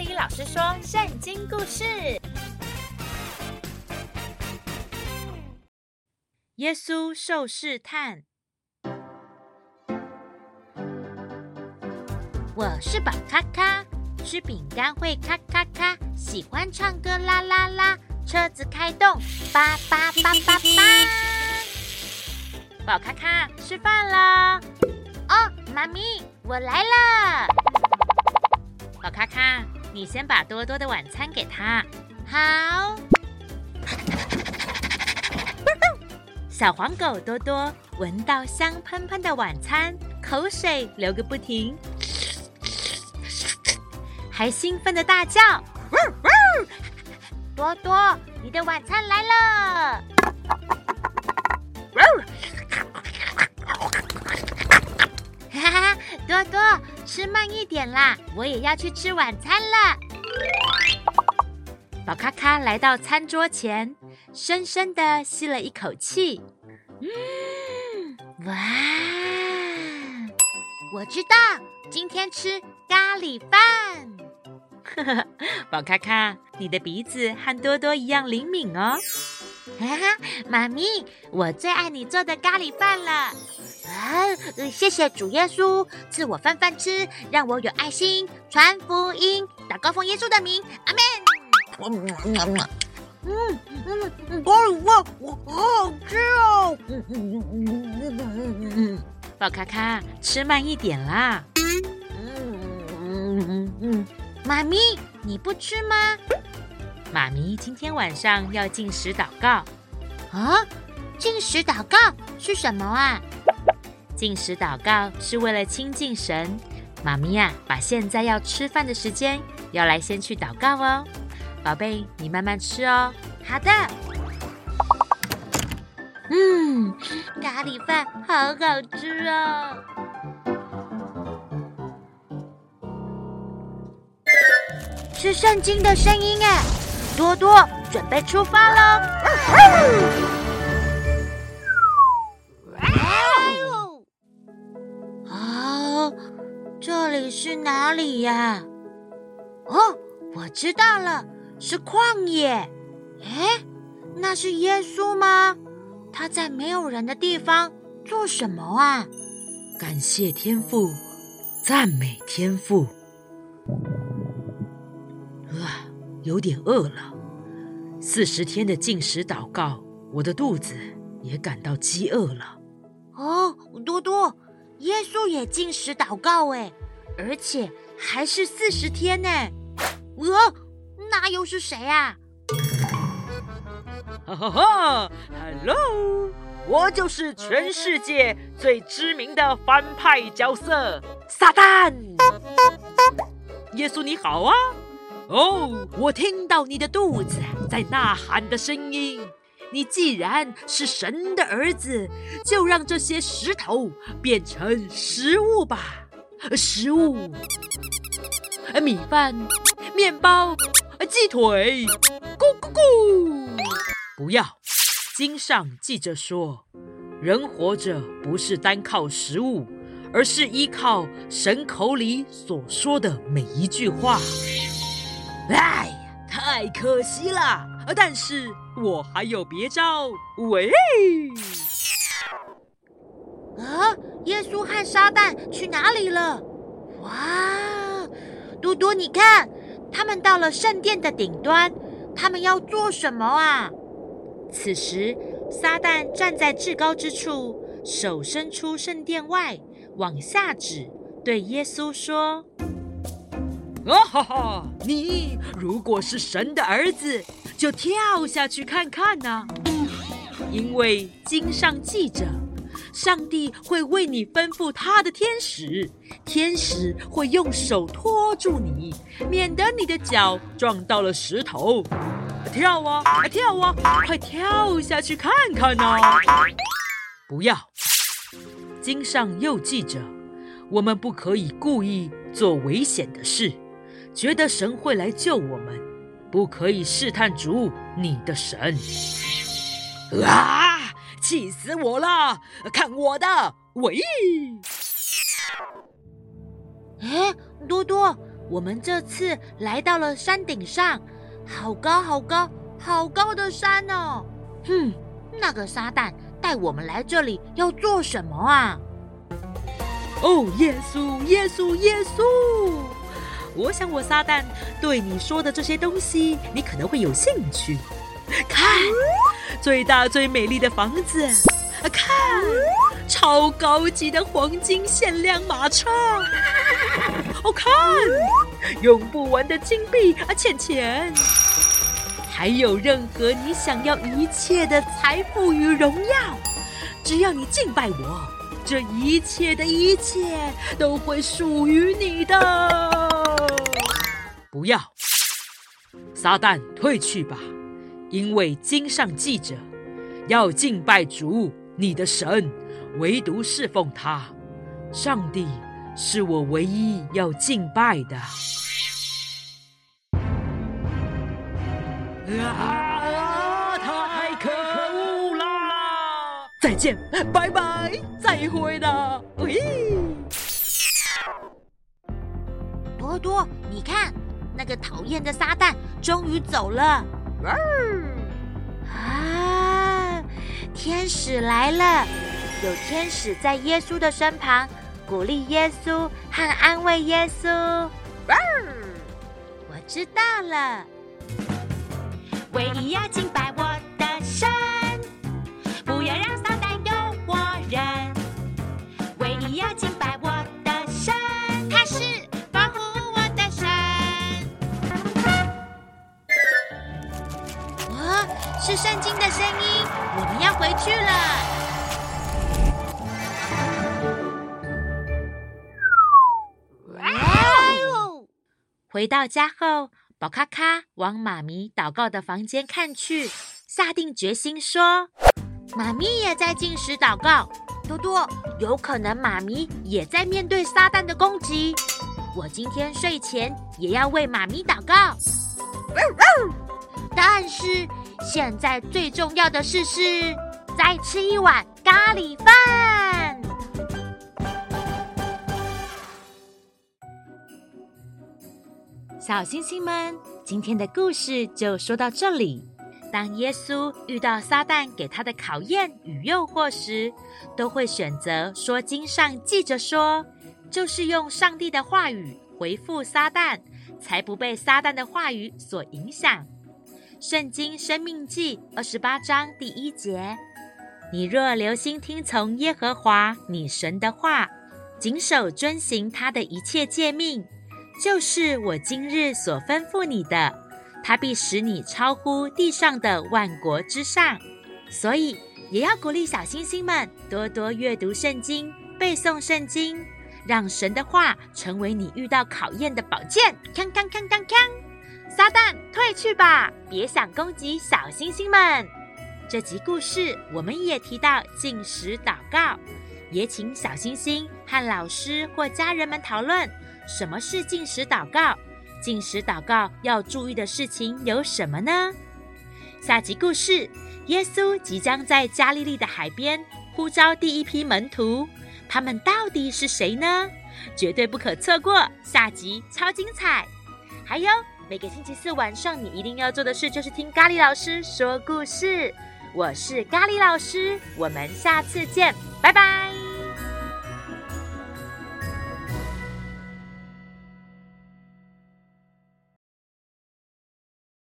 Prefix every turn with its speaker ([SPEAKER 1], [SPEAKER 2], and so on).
[SPEAKER 1] 咖哩老師說：“聖經故事，耶穌受試探。”我是寶咖咖，吃餅乾會咔咔咔，喜歡唱歌啦啦啦，車子開動叭叭叭叭叭。巴巴巴巴巴 寶咖咖，吃飯了。哦，媽咪，我來了。寶咖咖。你先把多多的晚餐給他。好。小黃狗多多聞到香噴噴的晚餐，口水流個不停，還興奮的大叫。多多，你的晚餐來了。哈哈哈，多多。吃慢一點啦，我也要去吃晚餐了。寶咖咖來到餐桌前，深深的吸了一口氣。嗯，哇，我知道，今天吃咖喱飯。呵呵呵，寶咖咖，你的鼻子和多多一樣靈敏哦。哈哈哈，媽咪，我最愛你做的咖喱飯了。啊、呃，謝謝主耶穌賜我飯飯吃，讓我有愛心傳福音，禱告奉耶穌的名，阿門。嗯嗯，好好吃哦，嗯嗯嗯嗯嗯嗯嗯嗯嗯嗯嗯嗯嗯嗯嗯嗯嗯，媽咪，你不吃嗎？媽咪今天晚上要禁食禱告啊？禁食禱告是什麼啊？禁食禱告是為了親近神。媽咪呀、啊，把現在要吃飯的時間要來先去禱告哦。寶貝，你慢慢吃哦。好的。嗯，咖喱飯好好吃哦。是聖經的聲音啊，多多準備出發嘍。 哪裡呀？哦，我知道了，是曠野。誒，那是耶穌嗎？他在沒有人的地方
[SPEAKER 2] 做什麼啊？感謝天父，讚美天父。啊，有點餓了。四十天的禁食禱告，我的肚子也感到飢餓了。
[SPEAKER 1] 哦，多多，耶穌也禁食禱告哎。而且還是四十天呢！啊、哦，那又是誰啊？哈
[SPEAKER 2] 哈哈哈哈哈哈哈 Hello，我就是全世界最知名的反派角色——撒旦。 耶穌你好啊！哦、oh，我聽到你的肚子在吶喊的聲音。你既然是神的兒子，就讓這些石頭變成食物吧。食物，呃，米飯、麵包、呃，雞腿，咕咕咕！不要，經上記着說，人活着不是單靠食物，而是依靠神口裡所說的每一句話。哎，太可惜啦，但是我還有別招，喂！
[SPEAKER 1] 啊？耶穌和撒旦去哪裡了？哇，多多，你看，他們到了聖殿的頂端，他們要做什麼啊？此時，撒旦站在至高之處，
[SPEAKER 2] 手伸出聖殿外往下指，對耶穌說：“啊哈哈，你如果是神的兒子，就跳下去看看吶，啊。嗯，因為經上記着。”上帝會為你吩咐他的天使，天使會用手托住你，免得你的腳撞到了石頭。跳啊，跳啊，快跳下去看看啊。不要。經上又記着，我們不可以故意做危險的事，覺得神會來救我們，不可以試探主你的神。啊！氣死我了！看我的！喂！哎，
[SPEAKER 1] 多多，我們這次來到了山頂上，好高好高好高的山哦！哼，那個撒旦帶我們來這裡
[SPEAKER 2] 要做什麼啊？哦，耶穌，耶穌，耶穌！我想我撒旦對你說的這些東西，你可能會有興趣。看，最大最美麗的房子，啊！看，超高級的黃金限量馬車，啊、哦！看，用不完的金幣啊！錢錢，還有任何你想要一切的財富與榮耀，只要你敬拜我，這一切的一切都會屬於你的。不要，撒旦退去吧。因為經上記著要敬拜主你的神，唯獨侍奉他。上帝是我唯一要敬拜的。啊，啊太可可惡啦！再見，拜拜，再會啦、哎！
[SPEAKER 1] 多多，你看那個討厭的撒旦終於走了。啊！天使來了，有天使在耶穌的身旁鼓勵耶穌和安慰耶穌。啊，我知道了，唯一要敬拜我。是聖經的聲音，我們要回去了。哇、啊、哦！回到家後，寶咖咖往媽咪禱告的房間看去，下定決心說：“媽咪也在禁食禱告，多多，有可能媽咪也在面對撒旦的攻擊。我今天睡前也要為媽咪禱告。呃呃”但是。現在最重要的事是再吃一碗咖喱飯。小星星們，今天的故事就說到這裡。當耶穌遇到撒旦給他的考驗與誘惑時，都會選擇說，經上記着說，就是用上帝的話語回覆撒旦，才不被撒旦的話語所影響。聖經申命記二十八章第一節：你若留心聽從耶和華你神的話，謹守遵行他的一切誡命，就是我今日所吩咐你的，他必使你超乎地上的萬國之上。所以，也要鼓勵小星星們多多閱讀聖經、背誦聖經，讓神的話成為你遇到考驗的寶劍。康康康康康。撒旦，退去吧，別想攻擊小星星們。這集故事我們也提到禁食禱告，也請小星星和老師或家人們討論什麼是禁食禱告。禁食禱告要注意的事情有什麼呢？下集故事，耶穌即將在加利利的海邊呼召第一批門徒，他們到底是誰呢？絕對不可錯過，下集超精彩，還有。每個星期四晚上，你一定要做的事就是聽咖喱老師說故事。我是咖喱老師，我們下次見，
[SPEAKER 2] 拜拜。